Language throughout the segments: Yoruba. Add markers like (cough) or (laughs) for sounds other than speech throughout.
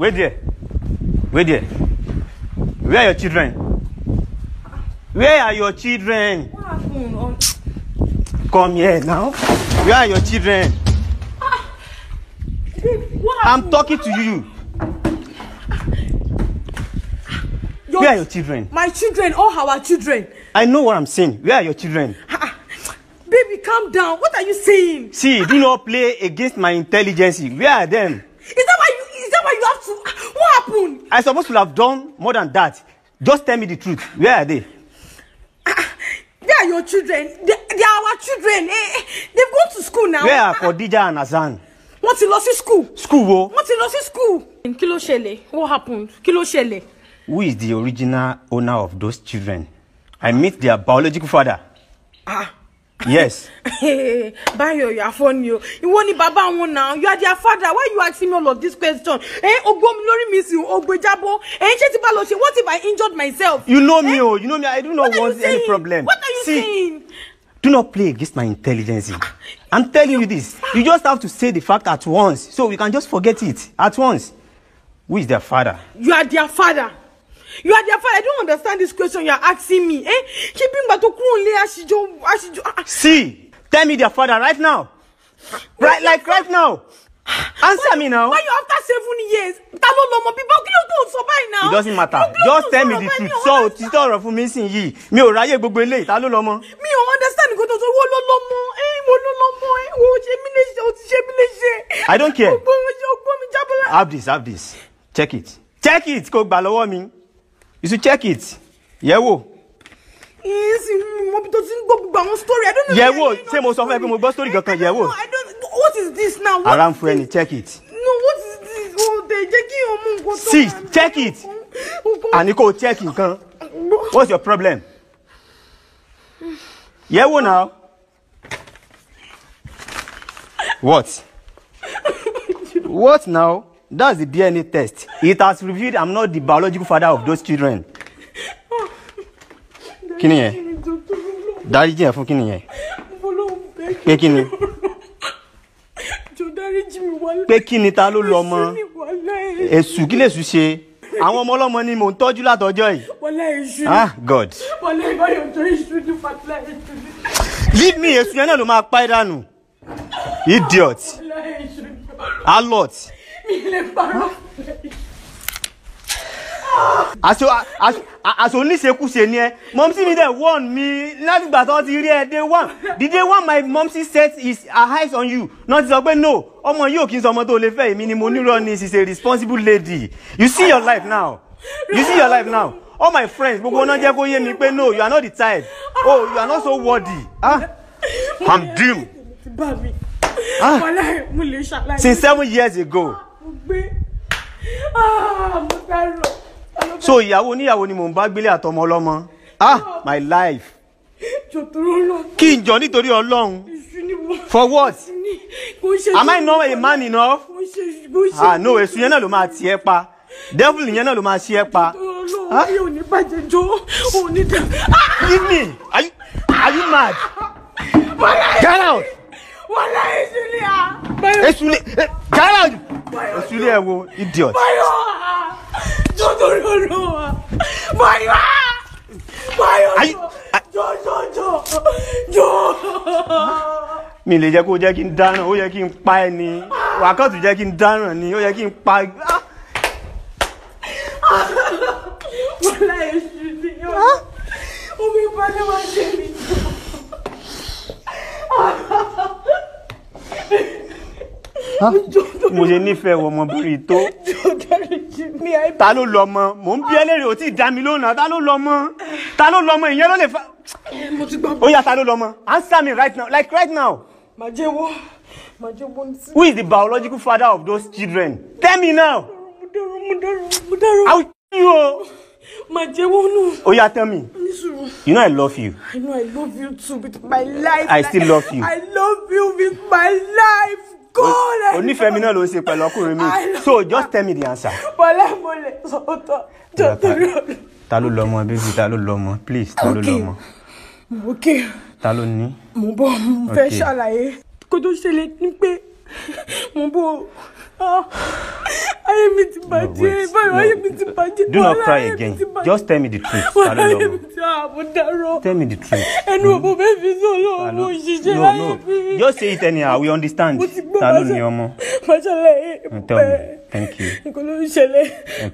Where there where there where are your children where are your children what happened oh. come here now where are your children ah. what i'm talking to you where are your children my children all our children i know what i'm saying where are your children ah, ah. baby calm down what are you saying see do not play against my intelligence where are them happen. I suppose to have done more than that. Just tell me the truth. Where are they? Ah, (laughs) they are your children. They, they are our children. Eh, eh they've gone to school now. Where are Khadija and Azan? Wọ́n ti lọ sí school. School wo? Wọ́n ti lọ sí school. In ló ṣẹlẹ̀? What happened? Kí ló Who is the original owner of those children? I meet their biological father. Ah yes. (laughs) Bayo, you are funny. You want ni baba wọn now. You are their father. Why you asking me all of this question? Eh, Ogun, mi lórí mi si ogbo jabo. Eh, ṣé ti ba lọ ṣe? What if I injured myself? You know me, eh? oh, you know me. I do not want any problem. What are you See, Do not play against my intelligence. I'm telling you this. You just have to say the fact at once, so we can just forget it at once. Who is their father? You are their father. You are their father. I don't understand this question you are asking me. Eh? Keeping Batokunle she Ashijo. Ah, ah. See, tell me their father right now. Right, like right now. Answer why, me now. Why you after seven years? Ta ló lọ́mọ bíbá you ló survive now? It doesn't matter. Just tell me the truth. So, òtítọ́ ọ̀rọ̀ missing ye? Me or Mi ò ráyè gbogbo eléyìí. Ta ló understand go to sọ. Wo ló lọ́mọ? Ẹ eh? wo ló lọ́mọ? Ẹ Oh, eh? ṣe mí I don't care. Have this, have this. Check it. Check it kó gbà lọ́wọ́ you should check it yẹ̀wò. yes mo bi tó ti ń gbọ́ gbogbo story i don't know. yẹ̀wò ṣé mo sọ fún ẹ mo gbọ́ story kankan yẹ̀wò. what is this now. ara ń fún ẹni check it. no what is this o de jẹ́ kí o mú nǹkan see check it àní kò check nǹkan what's your problem. Yeah, wo. now. what. what now. That's the DNA test. It has revealed I'm not the biological father of those children. Kí ni yẹn? Dáríjì yẹn fún kí Pe kini Pé kí ni? Pé kí ni ta ló lọ ọmọ? Èṣù kí lè ṣù ṣe? Àwọn ọmọ ọlọ́mọ ni mò ń tọ́jú látọjọ́ yìí. Ah God. Wọlé Leave me èṣù yẹn náà ló máa pa ẹ́ dànù. Idiot. Alot àṣọ as only ni ẹ e. mọ́mísí mi dẹ̀ warn me. látìgbà tó ti rí ẹ e, day one Did they want my mọ́mísí set his eyes on you náà ti sọ no Oh my, you kí n sọ ọmọ tó lè fẹ́ èmi ni mo nírọ̀ is a responsible lady you see your life now you see your life now all my friends gbogbo go jẹ́ kó yé mi pé no you are not the type oh you are not so worthy ah i'm doomed. Ah. since seven years ago. Ah, so ìyàwó oníyàwó ni mò ń bá gbélé àtọmọ ọlọ́mọ ah my life kí n jọ nítorí ọlọ́run for what am I not a man enough ah no èṣù yẹn náà ló máa tiẹ̀ pa devil yẹn náà ló máa ṣe pa. ọlọ́run ah. leave me are you, are you mad get out. wàhálà èṣù ni à. Ah. èṣù eh, get out oṣù ẹ wo idiot. Báyọ̀ jọjọ lọ́nà wa Báyọ̀ Báyọ̀ jojo. jọ. mi lè jẹ́ kó jẹ́ kí n dáràn ó yẹ kí n pa ẹ ni wákàtí jẹ́ kí n dáràn ni ó yẹ kí n pa. wọ́lá èṣù ni yóò omi balẹ̀ wá ṣe mí jù mo ṣe nífẹ̀ẹ́ wọ ọmọ bírí tó. ta ló lọ mọ mò ń bí ẹlẹ́rìí ò tí ì dá mi lónà ta ló lọ mọ ta ló lọ mọ ìyẹn ló lè fa. ó yá ta ló lọ mọ answer me right now like right now. màá jẹ́ who is the biological father of those children tell me now. mo dẹrù mo dẹrù you o. màá jẹ́ wọ́n nù. tell me. You know I love you. I know I love you too with my life. I still love you. I love you with my life. God. onífẹ̀mí náà ló ń ṣe pẹ̀lú ọkùnrin mi so just tell me the answer. bọ́lá mo lè sọ̀tọ̀ tó torí ọ̀dọ̀. ta ló lọ́mọ bébí ta ló lọ́mọ please ta ló lọ́mọ. ok ta ló ní. mo bọ mo fẹ́ ṣàlàyé kó tó ṣẹlẹ̀ ni pé mo bọ. Ah, ayé mi ti bàjẹ́ báyọ̀ ayé mi ti bàjẹ́ do not cry again just tell me the truth wàhálà ayé mi ti àbò ah, dárò tell me the truth ẹnu òbò bẹ́ẹ̀ hmm? fi sọ̀rọ̀ ọmọ òṣìṣẹ́ láyé just say it anyhow we understand ta ló ní (laughs) nǹkan ló ń ṣẹlẹ̀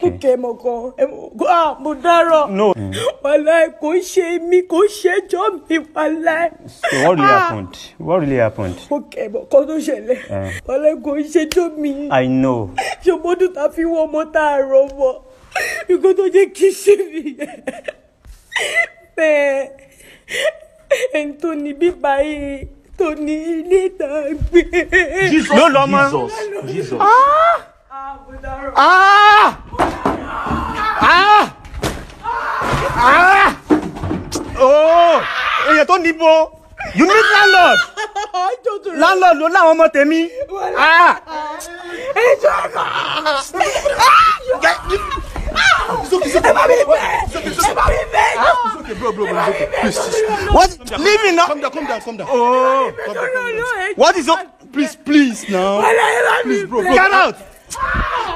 mo kẹ́ mọ̀ kan ah, mo dárọ̀ wàláì kò ṣe mí kò ṣẹjọ́ mi wàláì. so what really ah. happened what really happened. mo kẹ́ mọ̀ kan tó ṣẹlẹ̀ eh. wàláì kò ṣẹjọ́ mi. i know. ṣùgbọ́n tó ta fi wọ́n mọ́ tá a rọ̀ mọ́ nǹkan tó jẹ́ kí ṣe nìyẹn bẹ́ẹ̀ ẹni tó ní bíbá yìí tó ní ilé ìtàgbé. jesus jesus jesus. Ah! Ah! Ah! Ah! Oh! Èyàn tó níbo. You need landlord. (laughs) Landlord ló láwọn ọmọ tèmi. Ah! Ìjọba! Ẹ bá mi bẹ́ẹ̀! Ẹ bá mi bẹ́ẹ̀! okay, ah! bro, bro, bro. bro. Please, please. What? Calm down, Leave me now. Calm down, calm down, calm down. Oh. Calm down, calm down. What is up? Please, please, now. Please, bro, bro. Get out.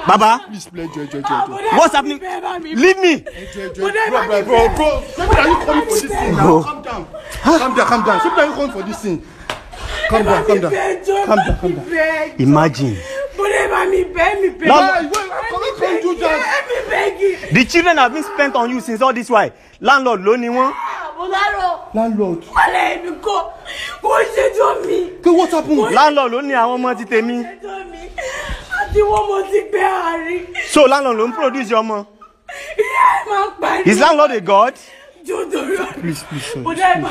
Baba. Please, please, joy, joy, joy, joy. What's happening? Leave me. Bro, bro, bro, bro. Somebody are you calling for this thing now? Calm down. Calm down, calm down. Somebody are you calling for this thing? Calm down, calm down. Calm down, calm down. Imagine. Now, the children have been spent on you since all this Why, Landlord loaning one? Landlord. Kọ́lẹ̀ mi kọ́, kò ṣẹjọ́ Landlord loaning ní àwọn to me ti wọ́n mo ti so landlord ló produce your ìyá ẹ̀ is landlord a god. Please, please, sir.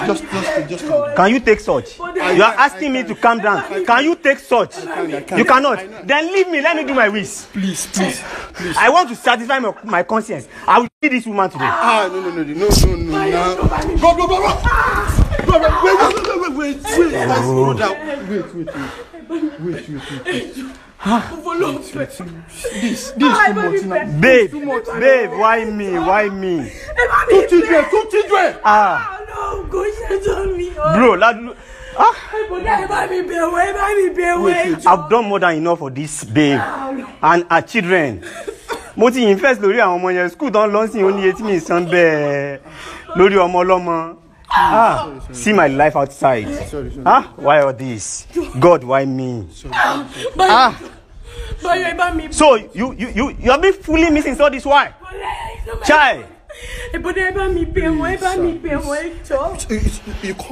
Just, just, just Can you take such? You are asking me to calm down. Can you take such? You cannot. Then leave me. Let me do my wish. Please, please, please. I want to satisfy my, my conscience. I will see this woman today. Ah, no, no, no, no, no, no. Go, go, go, go wait, wait, wait, wait, wait, wait, wait, wait, wait, Wait, wait, wait, wait, wait, wait. wait, wait, wait, wait, wait, this too much now. Babe, babe, why me, why me? Two children, two children. Ah. No, go shit on me. Bro, lad. Ah. I've done more than enough for this babe and her children. mo ti invest lórí àwọn ọmọ yẹn school don lọ sí i ó ní eighty million san bẹ́ẹ̀ lórí ọmọ ọlọ́mọ. Ah, ah. see my life outside. Ah, why all this? God, why me? Ah. So you you you you have been fooling me since all this while. Chai. You call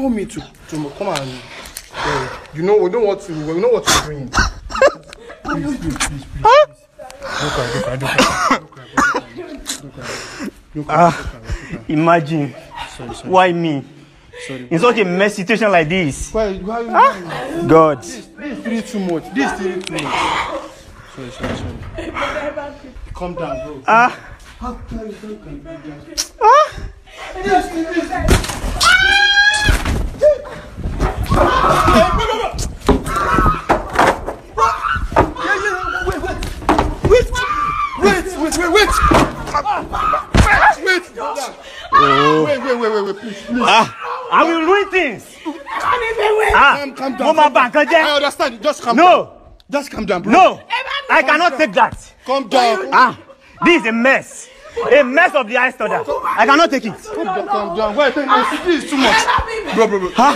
me to to come and uh, you know we know what to we know what to bring. Please, please, please, please. Don't Ah, imagine. Sorry, Why me? Sorry. In such a mess situation like this. Why, why you ah? God. This, this is too much. This is too much. Sorry, sorry, sorry. Calm down, bro. Ah. How can you do that? Ah. This, this. Listen, just calm no. down. Just calm down, bro. No, I cannot take that. Calm down. Ah, this is a mess. A mess of the highest order. I cannot take it. Calm down, calm down. Wait, this is too much. Bro, bro, bro. Huh?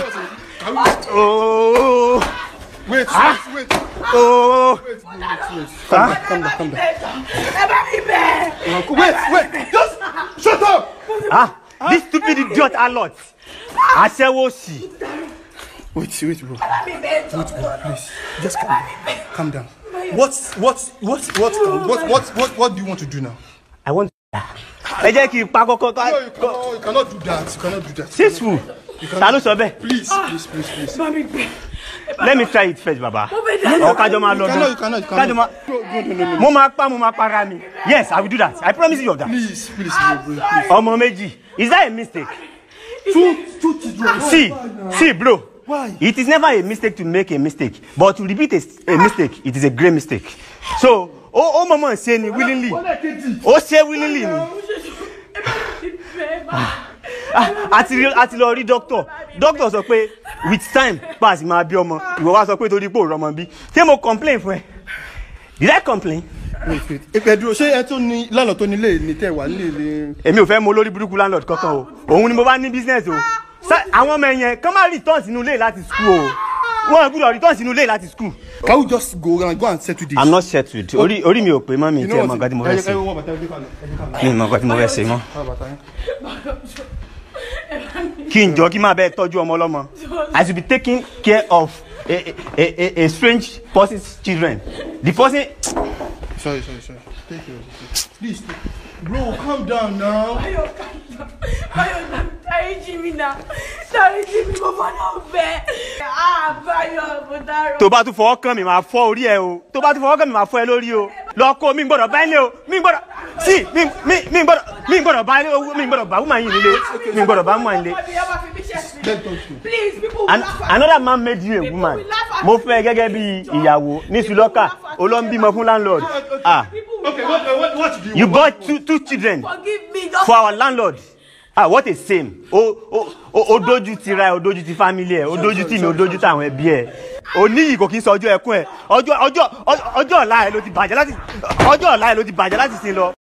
Oh. Wait, huh? wait, wait. Oh. Wait, wait, wait. Calm down, calm down, calm down. Wait, wait. Just shut up. Ah, this stupid idiot a lot. Aṣẹ́wó sí. Wait, wait, bro. Wait, please. Just calm down. Calm down. What, what, what, what, what, what, what, what do you want to do now? I want. Ẹ jẹ́ kí n pa No, you cannot do that. You cannot do that. Peaceful. Ta ló sọ Please, please, please, please. Let me try it first, baba. Mo No, máa No, no, no, no. Mo máa pa mo máa para mi. Yes, I will do that. I promise you of that. Please, please, please. Oh, méjì. Is that a mistake? Two, two children. See, see, bro. Why? It is never a mistake to make a mistake, but to repeat a, a mistake, it is a great mistake. So, oh, ó mọ̀mọ́ ṣe ni willingly. Oh, say willingly ni. Àti ah, ah, àti lọ rí doctor. Doctor sọ pé with time pass máa bí ọmọ. Ìwọ wá sọ pé torí pé ò rọmọ bí. mo complain fún ẹ? Did I complain? ìpẹ̀dúró ṣé ẹ tún ní landlord tó nílé ní tẹ̀ wá nílé. Èmi ò fẹ́ mọ olórí burúkú landlord kankan o. Òun ni mo bá ní business o àwọn ọmọ yẹn kán má return sínú ilé láti school o wọn gbúdọ̀ return sínú ilé láti school. can we just go and go and settle this. i'm not settled orí orí mi ò pé mọ́ mi tí ẹ mọ nǹkan tí mo fẹ́ ṣe mi mọ nǹkan tí mo fẹ́ ṣe mọ́ kí n jọ kí n máa bẹ́ẹ̀ tọ́jú ọmọ ọlọ́mọ i should be taking care of a a a, a strange person's children the person. sorry sorry sorry take care of yourself please bro calm down now mi náà sọrí tí mi mo fọ́nà bẹ́ àbáyọ òkúta rò. to bá tún fọwọ́ kàn mí máa fọ́ orí ẹ o tó bá tún fọwọ́ kàn mí máa fọ́ ẹ lórí o lọ kó mi gbọ́dọ̀ bá ilé o mi gbọ́dọ̀ sí mi mi gbọ́dọ̀ mi gbọ́dọ̀ bá ilé o mi gbọ́dọ̀ bá wùmá yìí nílé mi gbọ́dọ̀ bá wùmá yìí nílé. another man made you a woman mo fẹ́ gẹ́gẹ́ bí ìyàwó ní sulọ́kà olóńbímọ fún landlord ah you bought two two children for our landlord ah what a same o o o dojú ti ra ẹ o dojú ti family ẹ o dojú ti mi o dojú tàwọn ẹbí ẹ oníyì kò kí n sọ ọjọ́ ẹkún ẹ ọjọ́ ọjọ́ ọjọ́ ọ̀la ẹ ló ti bàjẹ́ láti ọjọ́ ọ̀la ẹ ló ti bàjẹ́ láti sin lọ.